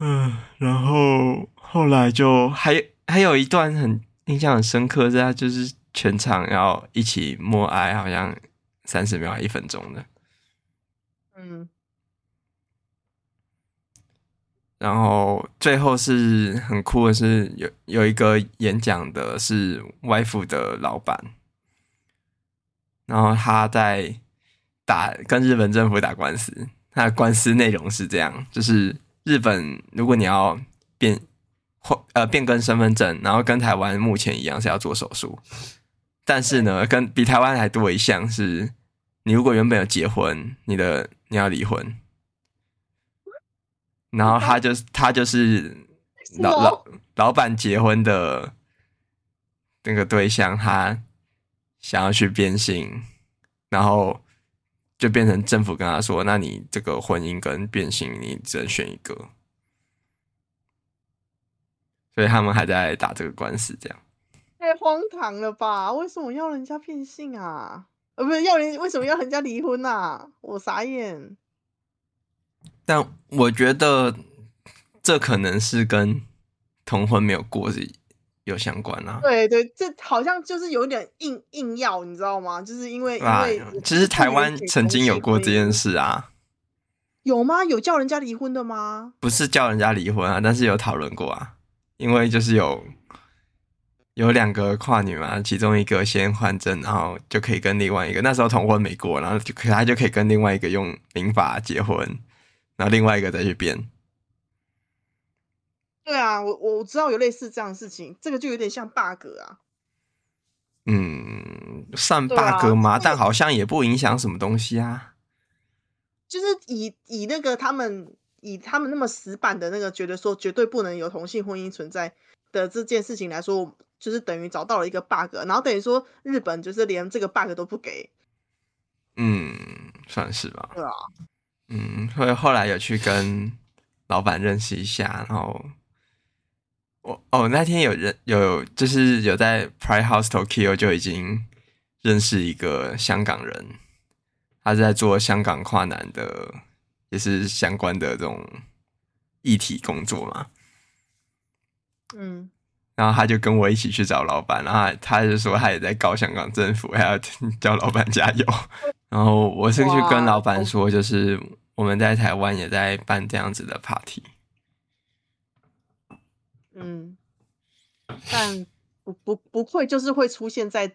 嗯，然後後來就還還有一段很印象很深刻，在他就是。全場要一起默哀，好像三十秒一分鐘的。嗯，然後最後是很酷的是有有一個演講的是 wife 的老板，然後他在打跟日本政府打官司，他的官司內容是這樣，就是日本如果你要變或呃變更身份證，然後跟台灣目前一樣是要做手術。但是呢，跟比台灣還多一項是，你如果原本有結婚，你的你要離婚，然後他就是他就是老老老闆結婚的那個對象，他想要去變性，然後就變成政府跟他說，那你這個婚姻跟變性，你只能選一個，所以他們還在打這個官司，這樣。太荒唐了吧！為什麼要人家變性啊？呃、啊，不是要人，為什麼要人家離婚啊？我傻眼。但我覺得這可能是跟同婚沒有過有相關啊。對對，這好像就是有點硬硬要，你知道嗎？就是因為、啊、因為其實台灣曾經有過這件事啊。有嗎？有叫人家離婚的嗎？不是叫人家離婚啊，但是有討論過啊，因為就是有。有兩個跨女嘛，其中一個先換證，然後就可以跟另外一個。那時候同婚沒過，然後就他就可以跟另外一個用民法結婚，然後另外一個再去變。對啊，我我知道有類似這樣的事情，這個就有點像 bug 啊。嗯，算 bug 嗎？啊，但好像也不影響什麼東西啊。就是以以那個他們以他們那麼死板的那個覺得說絕對不能有同性婚姻存在的這件事情來說。就是等於找到了一個 bug，然後等於說日本就是連這個 bug 都不給，嗯，算是吧。啊、嗯，所以，後來有去跟老闆認識一下，然後我哦那天有人有就是有在 Pride House Tokyo 就已經認識一個香港人，他是在做香港跨男的，也是相關的這種議題工作嘛，嗯。然後他就跟我一起去找老闆，然後他就說他也在搞香港政府，還要叫老闆加油。然後我是去跟老闆說，就是我們在台灣也在辦這樣子的 party。嗯，但不不不會，就是會出現在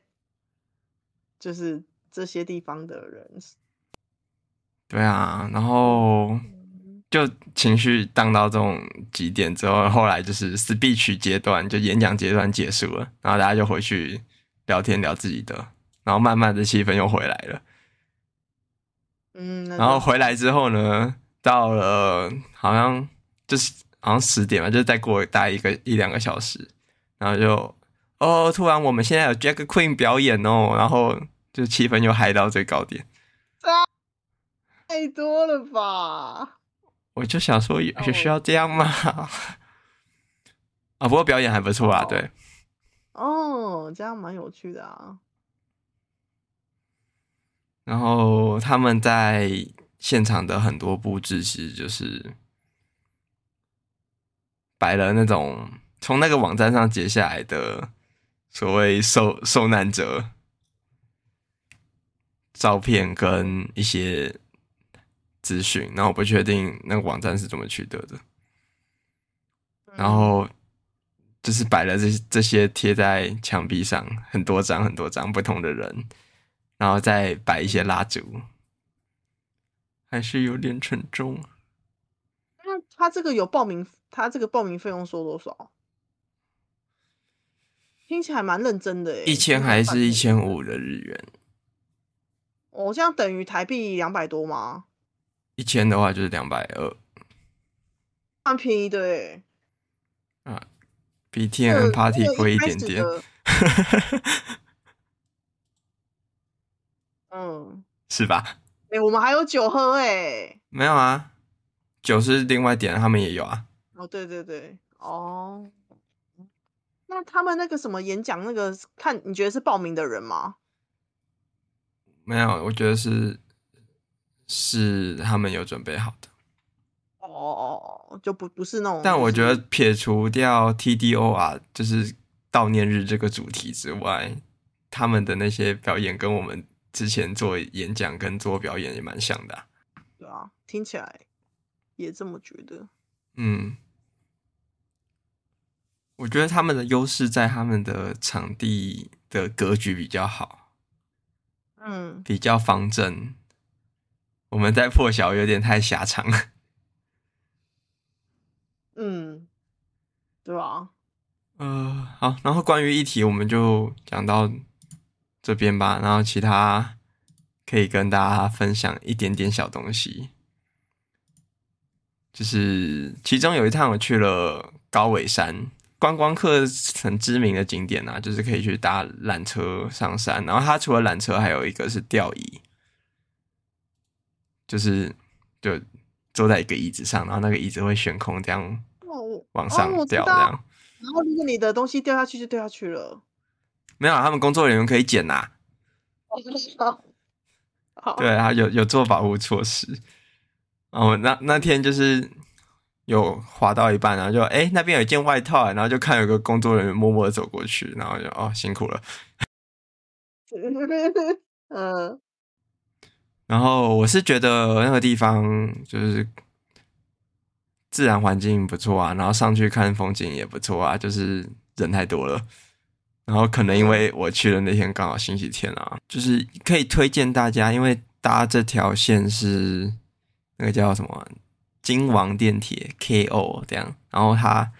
就是這些地方的人。對啊，然後。就情緒蕩到這種極點之後，後來就是 speech 階段，就演講階段結束了，然後大家就回去聊天聊自己的，然後慢慢的氣氛又回來了。嗯，那個、然後回來之後呢，到了好像就是好像十點了，就再過大概一個一兩個小時，然後就哦，突然我們現在有 Jack Queen 表演哦，然後就氣氛又嗨到最高點。啊，太多了吧。我就想說有，也需要這樣嗎？啊、oh. 哦，不過表演還不錯啊，oh. 對。哦、oh，這樣蠻有趣的啊。然後他們在現場的很多佈置，其實就是擺了那種從那個網站上截下來的所謂受受難者照片，跟一些資訊，然後我不確定那個網站是怎麼取得的，然後就是擺了這這些貼在牆壁上，很多張很多張不同的人，然後再擺一些蠟燭，還是有點沉重啊。那他這個有報名，他這個報名費用收多少？聽起來蠻認真的哎，一千還是一千五的日元？哦，這樣等於台幣兩百多嗎？一千的話就是兩百二，那便宜，對。哎、啊。比 T N Party 貴、嗯、一點點。嗯，那個、 嗯，是吧？哎、欸，我們還有酒喝哎、欸。沒有啊，酒是另外點，他們也有啊。哦，對對對，哦。那他們那個什麼演講，那個看，你覺得是報名的人嗎？沒有，我覺得是。是他們有準備好的哦哦哦，就不不是那種。但我覺得撇除掉 TDOR 啊,就是悼念日這個主題之外，他們的那些表演跟我們之前做演講跟做表演也蠻像的。對啊，聽起來也這麼覺得。嗯，我覺得他們的優勢在他們的場地的格局比較好，嗯，比較方正。我們在破曉有點太狹長， 嗯，對吧、啊？呃，好，然後關於議題我們就講到這邊吧，然後其他可以跟大家分享一點點小東西，就是其中有一趟我去了高尾山，觀光客很知名的景點啊，就是可以去搭纜車上山，然後它除了纜車還有一個是吊椅。就是就坐在一個椅子上，然後那個椅子會懸空，這樣往上掉，哦啊、這樣。然後如果你的東西掉下去就掉下去了，沒有、啊，他們工作人員可以撿吶、啊。好，好，對啊，他有有做保護措施。哦，然後那那天就是有滑到一半，然後就哎、欸、那邊有一件外套，然後就看有個工作人員默默的走過去，然後就哦辛苦了。 嗯。然後我是覺得那個地方就是自然環境不錯啊，然後上去看風景也不錯啊，就是人太多了。然後可能因為我去的那天剛好星期天啊，就是可以推薦大家，因為搭這條線是那個叫什麼京王電鐵 KO 這樣，然後它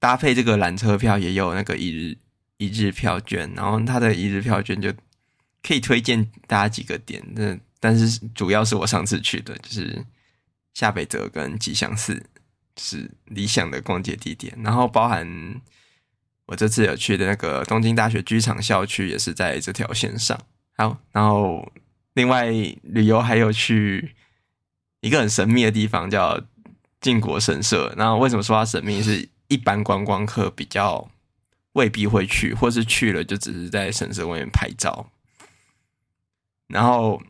搭配這個纜車票也有那個一日一日票券，然後它的一日票券就。可以推薦大家幾個點，但但是主要是我上次去的，就是下北澤跟吉祥寺，是理想的逛街地點，然後包含我這次有去的那個東京大學駒場校區也是在這條線上。好，然後另外旅遊還有去一個很神秘的地方叫靖國神社。然後為什麼說它神秘？是一般觀光客比較未必會去，或是去了就只是在神社外面拍照。然後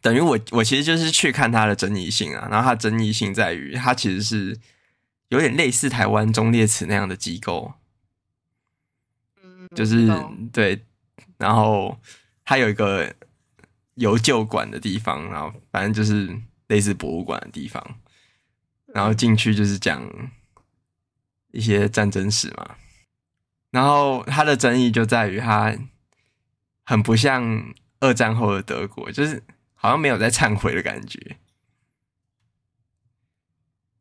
等於我，我其實就是去看它的爭議性啊。然後它的爭議性在於，它其實是有點類似台灣忠烈祠那樣的機構，嗯、就是對。然後它有一個遊就館的地方，然後反正就是類似博物館的地方。然後進去就是講一些戰爭史嘛。然後它的爭議就在於它很不像。二戰後的德國，就是好像沒有在懺悔的感覺。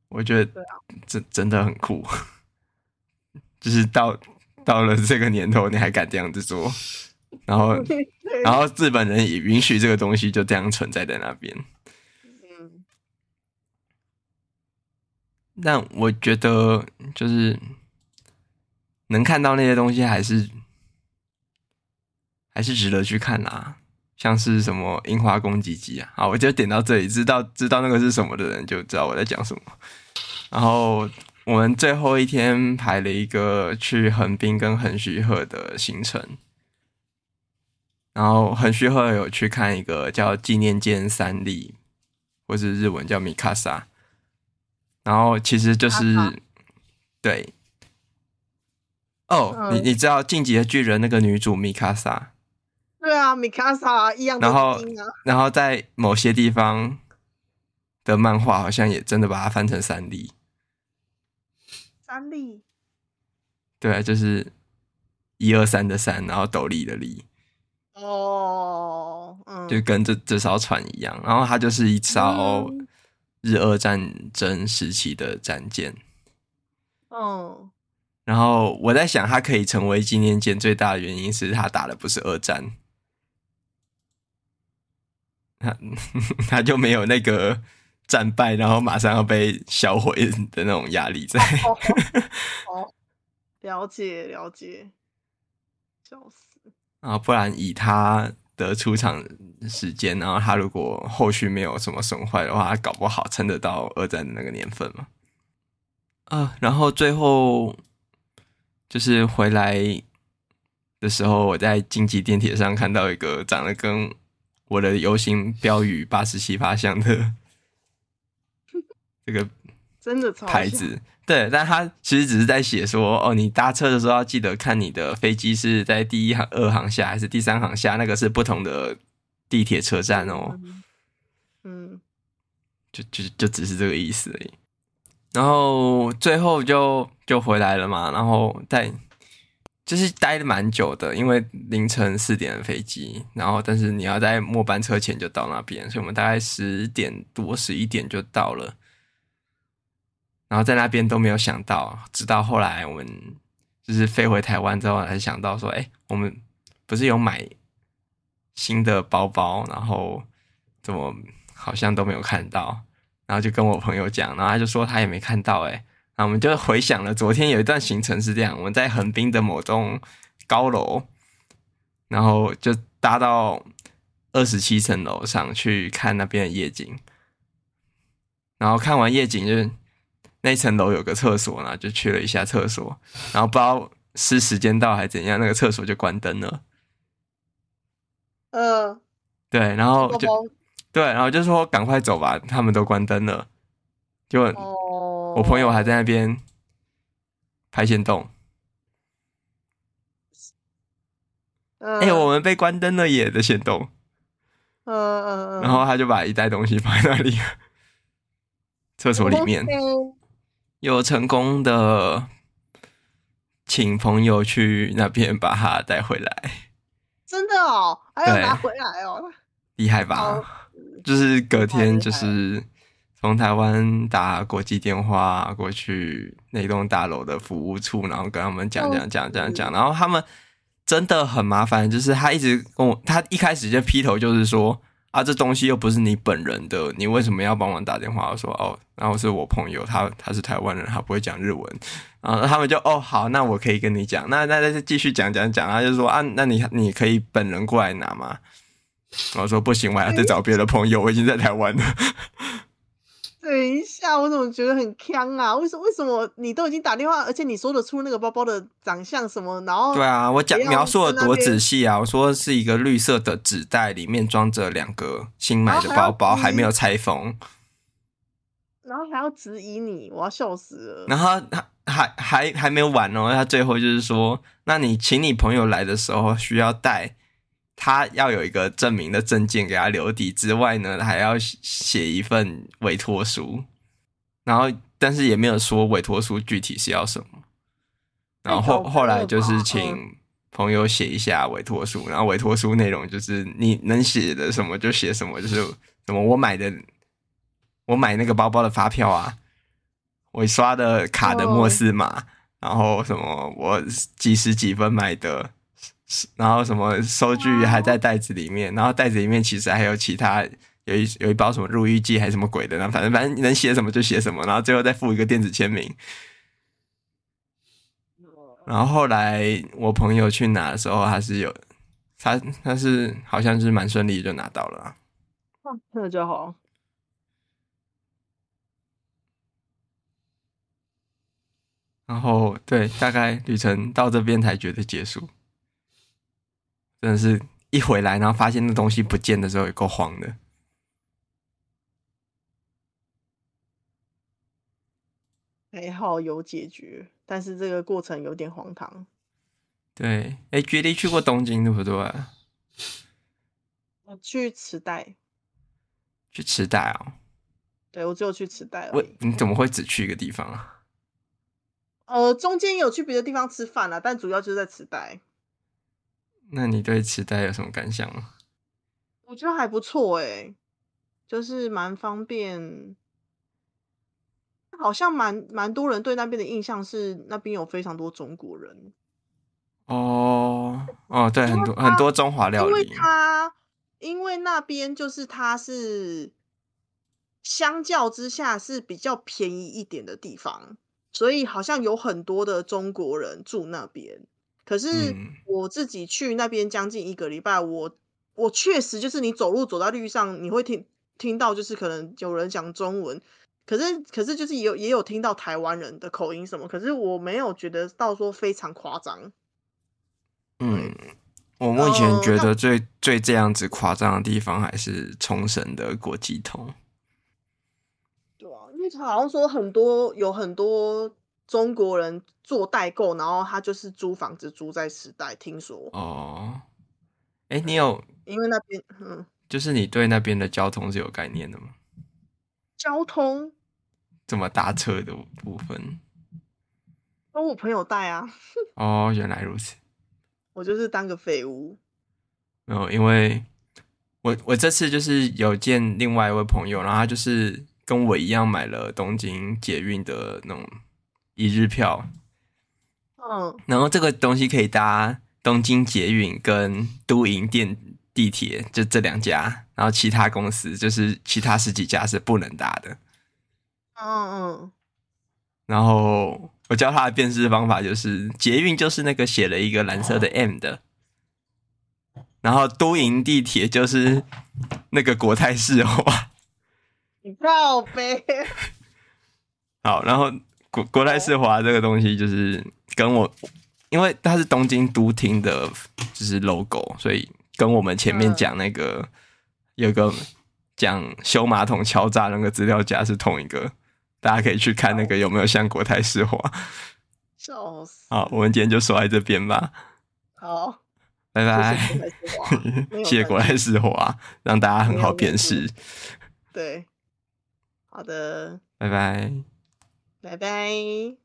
我覺得真真的很酷，啊、 就是到到了這個年頭，你還敢這樣子做，然後 然後日本人也允許這個東西就這樣存在在那邊。嗯， 但我覺得就是能看到那些東西，還是還是值得去看啊。像是什麼櫻花攻擊機啊？好，我就點到這裡，知道知道那個是什麼的人就知道我在講什麼。然後我們最後一天排了一個去橫濱跟橫須賀的行程，然後橫須賀有去看一個叫紀念艦三笠，或是日文叫米卡莎，然後其實就是、啊、對，哦、oh, 嗯，你你知道進擊的巨人那個女主米卡莎。對啊，米卡薩一樣、啊。然後，然後在某些地方的漫畫好像也真的把它翻成三笠。三笠。對啊，就是一二三的三，然後斗笠的笠。哦。嗯。就跟這這艘船一樣，然後它就是一艘日俄戰爭時期的戰艦。哦、嗯。然後我在想，它可以成為紀念艦最大的原因是它打的不是二戰。他 他就沒有那個戰敗，然後馬上要被銷毀的那種壓力在、哦哦。了解了解，啊！然不然以他的出場時間，然後他如果後續沒有什麼損壞的話，他搞不好撐得到二戰的那個年份嘛。啊、呃，然後最後就是回來的時候，我在京急電鐵上看到一個長得跟。我的遊行標語八十七八箱的這個真的牌子，對，但他其實只是在寫說哦，你搭車的時候要記得看你的飛機是在第一、二航廈還是第三航廈，那個是不同的地鐵車站哦。嗯，就就就只是這個意思而已。然後最後就就回來了嘛，然後在。就是待的蠻久的，因為凌晨四點的飛機，然後但是你要在末班車前就到那邊，所以我們大概十點多、十一點就到了。然後在那邊都沒有想到，直到後來我們就是飛回台灣之後才想到說，哎、欸，我們不是有買新的包包，然後怎麼好像都沒有看到，然後就跟我朋友講，然後他就說他也沒看到、欸，哎。那我們就回想了昨天有一段行程是這樣：我們在橫濱的某棟高樓，然後就搭到二十七層樓上去看那邊的夜景。然後看完夜景就，就是那層樓有個廁所呢，然後就去了一下廁所。然後不知道是時間到還是怎樣，那個廁所就關燈了。嗯、呃，對，然後就、嗯、對，然後就說趕快走吧，他們都關燈了。就、嗯我朋友還在那邊拍限動。哎、嗯欸，我們被關燈了也的限動，嗯嗯，然後他就把一袋東西放在那裡，嗯、廁所裡面、嗯、有成功的，請朋友去那邊把他帶回來，真的哦，還要拿回來哦，厲害吧、嗯？就是隔天就是。從台灣打國際電話過去那棟大樓的服務處，然後跟他們講講講講講，然後他們真的很麻煩，就是他一直跟我，他一開始就劈頭就是說啊，這東西又不是你本人的，你為什麼要幫我打電話？我說哦，然後是我朋友，他他是台灣人，他不會講日文，然後他們就哦好，那我可以跟你講，那那那就繼續講講講，他就說啊，那你你可以本人過來拿嗎？我說不行，我還要再找別的朋友，我已經在台灣了。 等一下，我怎麼覺得很坑啊？為什為什麼你都已經打電話，而且你說得出那個包包的長相什麼？然後對啊，我講描述的多仔細啊！我說是一個綠色的紙袋，裡面裝着兩個新買的包包，啊還，還沒有拆封。然後還要質疑你，我要笑死了。然後他還還還還沒有完哦，他最後就是說，那你請你朋友來的時候需要帶。他要有一個，證明的證件給他留底之外呢，還要寫一份委託書，然後但是也沒有說委託書具體是要什麼，然後後，後來就是請朋友寫一下委託書，然後委託書內容就是你能寫的什麼就寫什麼，就是什麼我買的我買那個包包的發票啊，我刷的卡的末四碼，然後什麼我幾時幾分買的。然後什麼收據還在袋子裡面，然後袋子裡面其實還有其他，有一有一包什麼入浴劑，還是什麼鬼的，然後反正反正能寫什麼就寫什麼，然後最後再附一個電子簽名。然後後來我朋友去拿的時候，他是有，他他是好像是蠻順利就拿到了。這、哦，那就好。然後對，大概旅程到這邊才覺得結束。真的是一回來，然後發現那東西不見的時候，也夠慌的。還好有解決，但是這個過程有點荒唐。對，哎，Judy 去過東京，對不對？我去池袋。去池袋啊？對，我只有去池袋。喂，你怎麼會只去一個地方啊？呃，中間有去別的地方吃飯啊，但主要就是在池袋。那你對池袋有什麼感想嗎？我覺得還不錯誒、欸，就是蠻方便。好像蠻蠻多人對那邊的印象是那邊有非常多中國人。哦哦，對，很多很多中華料理。因為他因為那邊就是他是相較之下是比較便宜一點的地方，所以好像有很多的中國人住那邊。可是我自己去那邊將近一個禮拜，嗯、我我確實就是你走路走在路上，你會聽聽到就是可能有人講中文，可是可是就是也也有聽到台灣人的口音什麼，可是我沒有覺得到說非常誇張。嗯，我目前覺得最、呃、最這樣子誇張的地方還是沖繩的國際通。對啊，因為他好像說很多有很多。中國人做代購，然後他就是租房子租在時代。聽說哦，哎，你有因為那邊嗯，就是你對那邊的交通是有概念的嗎？交通怎麼搭車的部分？都我朋友帶啊。 哦，原來如此。我就是當個廢物。沒有，因為我我這次就是有見另外一位朋友，然後他就是跟我一樣買了東京捷運的那種。一日票，嗯，然後這個東西可以搭東京捷運跟都營電地鐵，就這兩家，然後其他公司就是其他十幾家是不能搭的，嗯嗯，然後我教他的辨識方法就是捷運就是那個寫了一個藍色的 M 的，然後都營地鐵就是那個國泰式，哇，你靠唄，好，然後。國國泰世華這個東西就是跟我，因為它是東京都廳的，就是 logo，所以跟我們前面講那個、嗯、有個講修馬桶敲詐那個資料夾是同一個，大家可以去看那個有沒有像國泰世華。笑死！好，我們今天就說在這邊吧。好，拜拜。 謝謝國泰世華，讓大家很好辨識。對，好的，拜拜。拜拜。